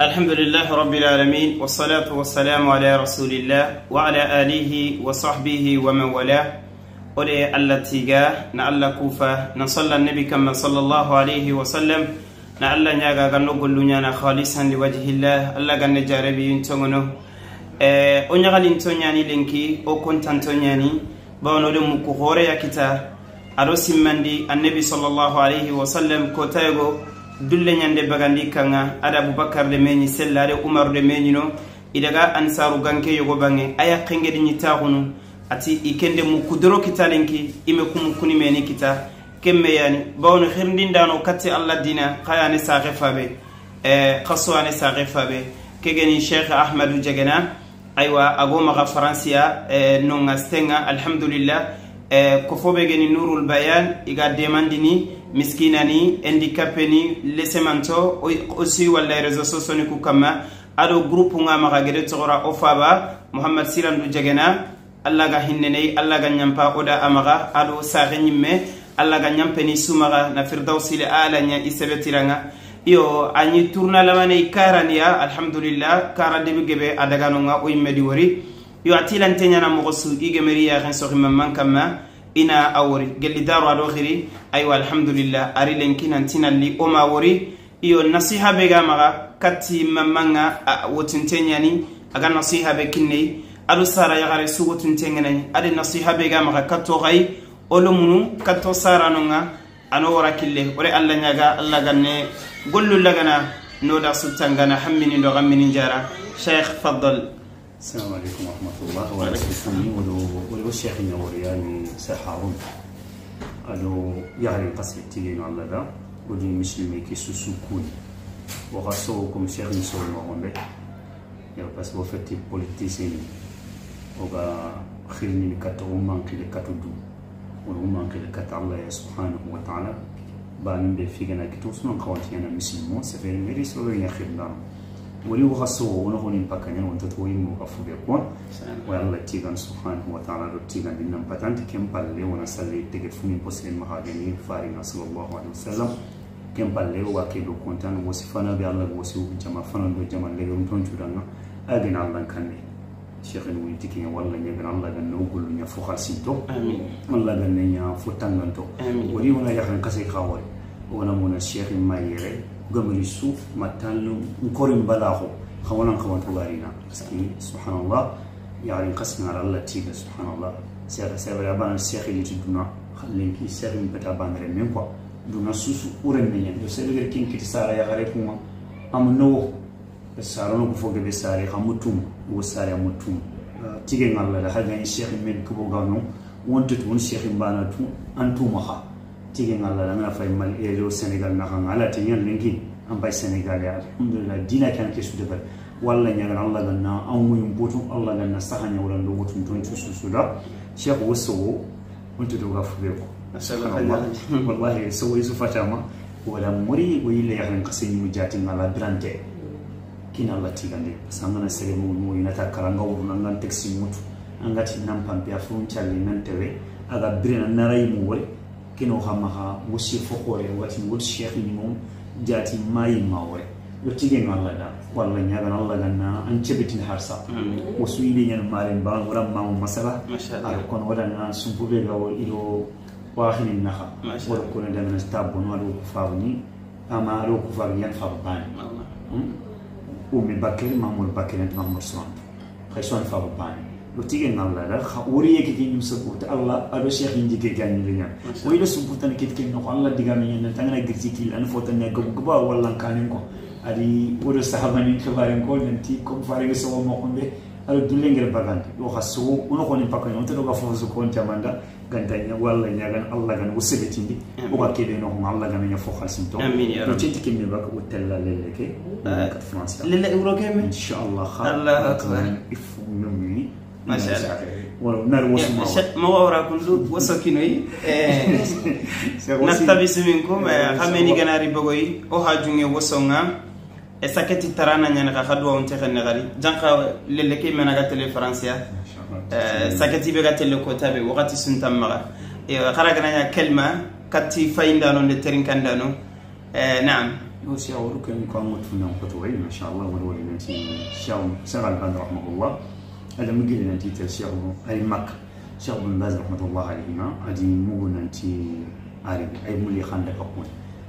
alhamdulilah rabil alamin wasalatu wasalamu ala rasulillah waala alihi wa sahbihi waman wala oɗe allah tiga na allah kuufa na solla nabi kamma salllah alayh wasallam na allah ñagaga noggolluñana halis hande wajihillah allah gande jarabi intogono e o ñagalinto ñani lenki o contanto ñani bawan oɗe mukko hooreya kita aɗo simmandi annabi salllah alayhi wasallam ko tayogo dulle ñande bagandi kanga ada abubakar de meñi sellare umaru de no idaga ansaru ganke yogo bange aya kengedi ñittaxunu ati i mu kudro kitalenki ime kumu kuni meni kita kemme yani khirndin dano katti allah dina xayane saxe fabe eh, xasoane saxe fabe kegeni cheikh ahmadou jegena aywa ago maxa francia e nonga stenga alhamdulillah eh, ko fobe geni nurul bayan iga demandini miskina ni handicapé ni lesemanto aussi walla réseau socio ni ku kamma aɗo groupe nga maxa gede toxora o faba mouhamad silandu jegena allah ga hinnenei allah ga ñampa oda amaxa aɗo saxe ñimme allah ga ñampeni sumaxa na firdausile alaña i sebetiranga iyo a ñi tourna lamanei karaniya alhamdulillah kara debi gebe a daganonga o yimmedi wori yo a tilanteñana moxo su i gemeri yaxen soximanman kamma ina a wori gelli daro aɗo xiri aywa alhamdulillah ari len kinantinalli o ma wori iyo nasiha be ga maxa katti mamanga a wotinteñani aga nasiha be kinneyi aɗo sara yaxare sugotintengenay aɗe nasiha be ga maxa katto xayi o lomunu katto saranonga ano wara kille ore allah ñaga allah ganne gollu lagana noda suttangana hammini ɗo xammini jara cheikh fadal السلام عليكم ورحمة الله وبركاته ولو الشيخ نوريا سحارون ألو يعني قصد تيلين نعم على ذا ودي مش الميكي سوسوكون وغصوكم شيخ نسول مغنبي يا بس وفتي بوليتيسين وغا خيرني لكاتو أمان كي لكاتو دو والأمان كي لكات الله سبحانه وتعالى بان بفيقنا كتوسنا نقواتي أنا مسلمون سفير ميري سلوين يا خير دارم weli waxa soo wona honin pakanya wonta to yin mo tigan subhanahu wa ta'ala tigan din nan kempalle wona salle ticket fumi farina sallallahu alaihi wasallam kempalle wa kontan wasifana bi Allah jama fanan do jama le on ton Allah kanne sheikh ni woni tikin walla ne gan gan no gulu nya fuha sinto amin gan ne nya futanganto kase khawari mayere قمريسو متالو نكورن بلاغو خوانا خوان تغارينا اسكي سبحان الله يعني قسنا على الله تيجا سبحان الله سيرا سيرا يابان السيخ اللي تدونا خلين كي سيخ من بتابان رمين قوا دونا سوسو ورن مين يو سيرا غير كين كي سارا يا غريكوما ام نو السارة نو كفوق بسارة خمتوم وسارة متوم تيجي نعلى لحد يعني السيخ من كبوغانو وانتو تون السيخ بانا تو انتو مخا tigen alla la mena fay mal ejo senegal na kan ala tinyan lengi am bay senegal ya alhamdulillah dina kan ke su debar walla nyaga alla ganna an wuyum botum alla ganna sahanya wala ndo botum ton tu su suda sheikh wasu untu do ga fube ko wallahi so yisu fatama wala muri wayile ya kan kasini mujati ngala brante kina alla tigande sangana sere mu mu ina ta karanga wurna ngan taxi mutu angati nan pampe afun challe nan tewe aga birena narayi mu wore كينو غامغا وسي فوقوري واتي ول الشيخ نيموم جاتي ماي ماوري يوتيجين والله دا والله نيا غن الله غن ان تشبت الحرسا وسويلي نيا مارين بان ورا ما مسلا ما شاء الله كون ولا نا سمبوبي غاو إلو واخر النخا ولا كون دا من استابون ولا كفارني اما لو كفارني فابان ومن بكر مامور بكر انت مامور سوان خيسوان فابان وتيجي نالا لا خوري كي تيجي مسكوت الله أبو شيخ يندي كي كان يلين ويلا سبورتنا كي تكين نقول الله دي كامي ين تانا غرتي كي لأن فوتنا جبجبا ولا كانين كو أدي ورد سحبانين كبارين كو ننتي كم فارغ سوا ما كن به ألو دلين غير بعند لو خسوا ونو كوني بكون يوم تلو كفوز كون تماندا غنتاين ولا ينعن الله غن وسبي تندي وبا كي بينه هم الله غن يفوق خالصين تو أمين يا رب تيجي كي مباك وتلا للك ما شاء الله ما وراكم زود وسكينوي نقتبس منكم خميني جناري بقوي أو هاجوني وسونا سكتي ترانا نيانا كخدوا ونتخن نغري جانقا للكي منا قتل فرنسيا سكتي بقتل كتابي وقتي سنتم مغا إيه، خرجنا كلمة كتي فاين دانو نترين كان دانو نعم وسيا وركن كان مدفنا وقتوعي ما شاء الله والوالدين شاو سغل بان رحمه الله هذا ما قلنا انت الشيخ اي ماك الشيخ بن باز رحمه الله عليهما هذه مو انت اي مولي خان لك اقوى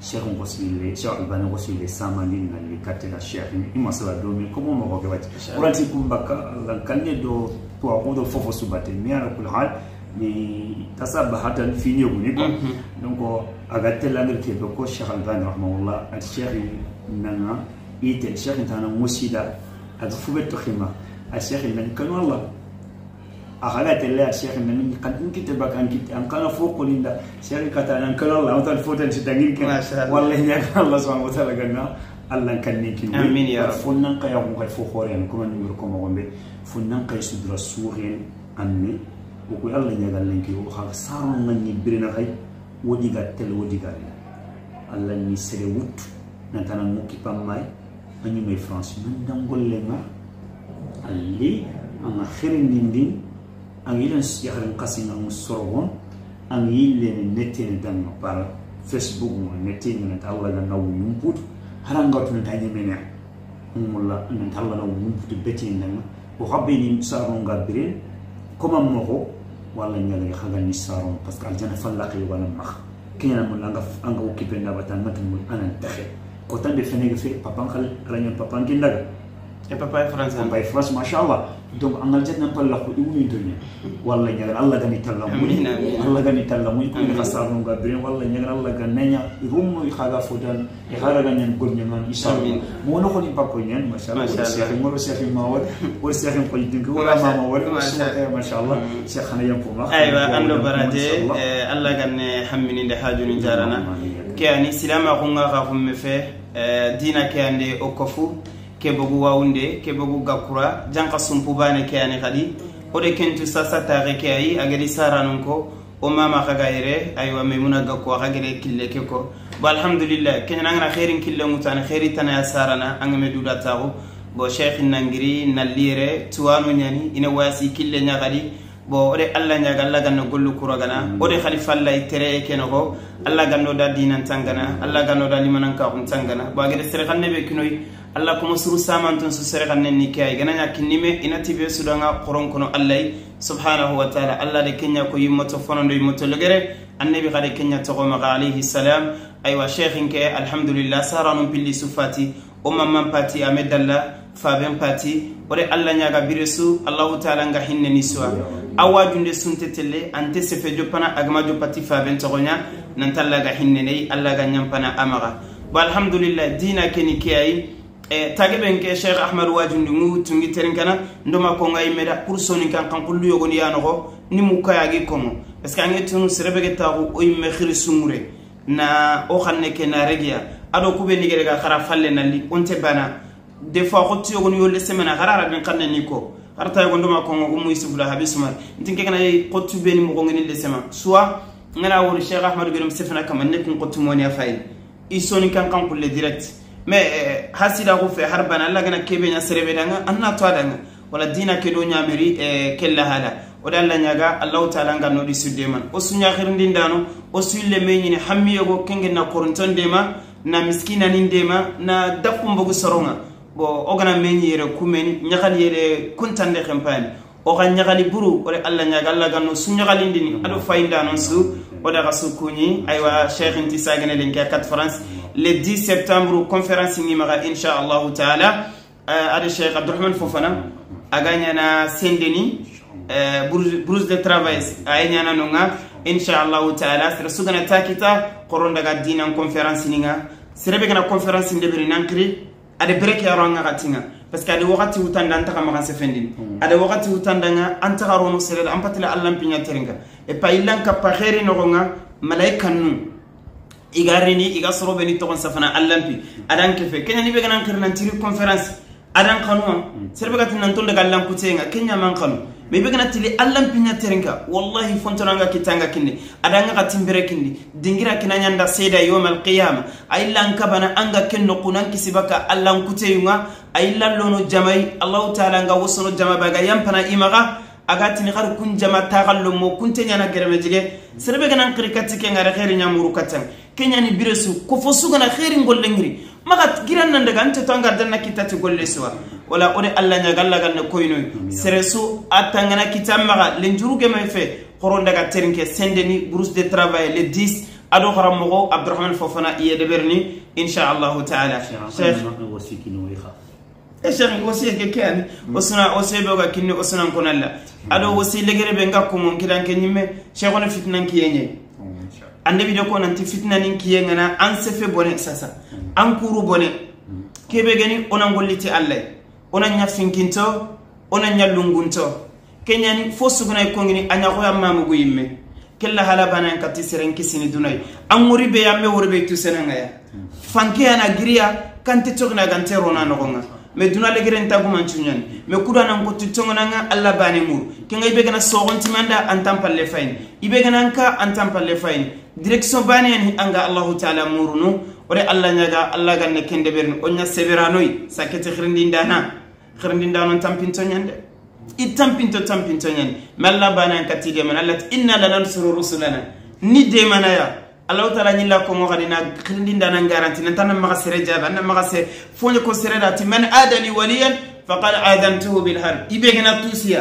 الشيخ غسيل الشيخ الباني غسيل السامالين اللي كاتل الشيخ اما سلا دومي كومو ما هو كواتي ورانتي كوم بكا كان دو تو دو فوفو سباتي مي على كل حال ni tasaba hatan fini guni ko donc agate langir ke ko Sheikh Alban rahmahullah al Sheikh nanga ite Sheikh tana musida ad fubet khima الشيخ المني كان والله أخلات الله الشيخ المني قد إن كتب كان كت أن كان فوق لنا الشيخ كتب أن كان والله أنت الفوت أن شتاعين كان والله يا الله سبحانه وتعالى قلنا الله كان نيكين آمين يا رب فنن قيام غير فخور يعني كمان نوركم أقوم به فنن قيس درسوه يعني أني وكل الله يجعل لك هو خلاص صار من يبرنا هاي ودي قتل ودي قال الله نسره وط نتانا موكي بام ماي أني ماي فرنسي من دم قل اللي أنا خيرين دين دين أن أنجيل نسيحر نقاسين أن السرغون أنجيل نتين دان بار فيسبوك نتين نتعلق لنا وينبوت هرانغوت نتعني منع نمولا نتعلق لنا وينبوت بتين دان وخبين سارون غابرين كما مغو ولا نيالي خلاني سارون باسكو الجنة فلاقي ولا مخ كينا مولا أنغو كيبنا باتان متن أنا نتخي كوتان دي فنيغ في بابان خل رانيان بابان كين كي إيه، باباي فرنسا باباي فرنسا ما شاء الله دونك انا جاتنا نطلق يوم الدنيا والله يا الله غني تلموني الله غني تلموني كل خسار نو غابرين والله يا الله غنيا يوم يخاغا فودان يخاغا غنيا نقول نيان ان شاء الله مو نخوني باكو نيان ما شاء الله الشيخ مولو الشيخ ماور والشيخ مقيد دنك ولا ما ماور إيه، ما شاء الله الشيخ انا يوم ايوا انا براتي الله غني إيه، حمني دحاجو نجارنا كاني سلام اخونغا خافم في دينا كان دي يعني اوكفو kebogu wawunde kebogu gakura janka sumpu bane ke ani kadi ode kentu sasa tare ke ayi a saranun ko mama xaga yere aywa memuna gakku a kille ke ko bo alhamdulillah keñana ngana khairin kille khairi xeeri ya sarana a duda tawo bo sheikh nangiri nalire tuwanu nyani ina wasi kille ñaxadi bo ode allah ñaga allah ganno gollu kuragana ode hali fallay tereye keno ko allah e gannoda dinan tangana allah gannoda limanankaxun tangana bo agede sere xan ne kinoy alla kuma suru samantun su sere kan nen nikay gana nya kinime ina tibe su danga qoron kono allah subhanahu wa ta'ala alla de kenya ko yimmoto fonondo yimmoto logere annabi gade kenya to ma alayhi salam aywa sheikhin ke alhamdulillah saranum pilli sufati o mamman pati amedalla faben pati ore alla nya ga biresu allah ta'ala nga hinne ni suwa awa junde sunte tele ante sefe jopana agma jopati faben to nya nan talla ga hinne nei alla ga nyampana amaga ba alhamdulillah dina kenike eh, tage ben ke cheikh ahmad wajundi ngu tungi terin kana ndoma ko ngai meda pour soni kan kan kullu yogo ni yanogo ni mu kaya gi komo parce que angi tunu serebe ke tagu o imme khiri na o xanne ke na regia ado kube ni gerega khara falle nalli onte bana des fois ko tiyogo ni yolle semena khara rabin kanne ni ko harta yogo ndoma ko ngo mu isibula habisumar ntinke kana ko tube ni mo ngini le sema soit ngana wori cheikh ahmad gërum sefna kam ne kun ko tumoni afay isoni kan kan kulle direct mais eh, har sidaku fe har bana alla gana keɓeña sereɓe danga an na to adanga wala dina ke ɗo ñameri e eh, kella hala oɗa alla ñaga allahu taala ngannoɗi sudde man o suñahirndindano o suille me ñine hammiyogo kenge na koronton dema na miskinanin dema na dafu mbogu soronga bo o gana meñi yere kumeni ñahali yeɗe kuntande hempani oxa ñahali buru ore alla ñaga alla ganno suñahalindini aɗo fayindanon su mm -hmm. o daga sukuñi aywa cheikh nti sagene len ke a 4 france le 10 septembre conférence ŋimaxa inchallahu taala uh, ada cheikh abdourahmane fofana a ga ñana sendeni uh, bruse, bruse de travail aye ñana noŋa inchallahu taala sera sugana takita xoro daga dinan conférence ninga serebe gana conférence ndeberi nankiri ada breke aroangaxatinga parce que ada wakati utanda anta kama kan sefendini ada hmm. wakati utanda nga anta karono serela ampatila allan pinya terenga e pa illan ka pa khairi no nga malaika nu igarini iga sorobe ni togon safana allan pi adan kefe kenya ni be ganan kirnan tiri conference adan kanu hmm. serbe gatin nan ton daga allan kutenga kenya man kanu mai be gana tili allan pinya terin ka wallahi fontono anga kita anga kindi ada anga katin bere kindi dingira kina nyanda seda yom al qiyama ayila nkabana anga kendo kunan kisi baka allan kute yunga ayila lono jamai allahu ta'ala anga wosono jama baga yampana imaga aga tini kar kun jama tagallo mo kun te nyana gereme jige sere be gana nkiri katike ngare khairi nyamuru katan kenyani biresu kofosu gana khairi ngolengiri maga giran nandaga ntetanga danna kitati golle suwa wala o de allah ñagallagal ne koynoy sereso a tangana kitan maxa le njurugue may fe xoron daga terinke sendeni brouse de travail le 10 ado xara moxo abdourahmane fofana iyedeber ni inchallahu taala e eh, cheikh wasi ke keani hmm. o suna o seeɓeoga kinni o sunankonalla aɗo hmm. wasi legere ɓe ngakkumo kidanke ñimme cheikh one fitnan kiyeñeyi hmm, annabide ko nanti fitnanin kiyengana an sefe bone sasa an kuru bone keɓe geni onan gollite allahy ona nya finkinto ona nya lungunto kenya fo suguna kongini anya ko yamma mugu yimme kella hala bana en kati seren kisini dunai an be yamme wuri be tu senanga ya fanke ana giriya kanti togna gante rona no gonga me le giren tagu manchunyan me kuda nan ko tu tonga nga alla bane mur kenga ibe gana sogon timanda antam palle fain ibe gana anka antam palle fain direction bani en anga allah taala murunu ore alla nyaga alla ganne kende berin onya seberanoi sakete khirindindana خرندينو تامبينتو نياندي itampinto tampinto ñani malla bana en katti demana allati inna lanansuru rusulana ni demanaya allahu taala ñilla komo xadi na xirindindana garanti nanta na maxa sere jaabe anna maxa se foñe ko sererati man adali waliyan faqad adantuhu bilharb i begena tusiya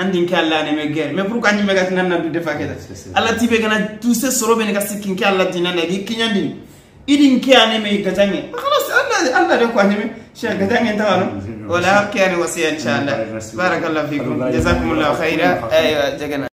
andin ke allah neme guerre mais pourquoi ñimme gati nan nandu defa keta allah ti begena tuse soro bene ga sikkin ke allah dinana gi kiñandini idin ke aneme gatange xalas allah de ko aneme cheikh gatange taxano ولا كان يعني وصيه ان شاء الله بارك الله فيكم جزاكم الله خيرا ايوه جزاكم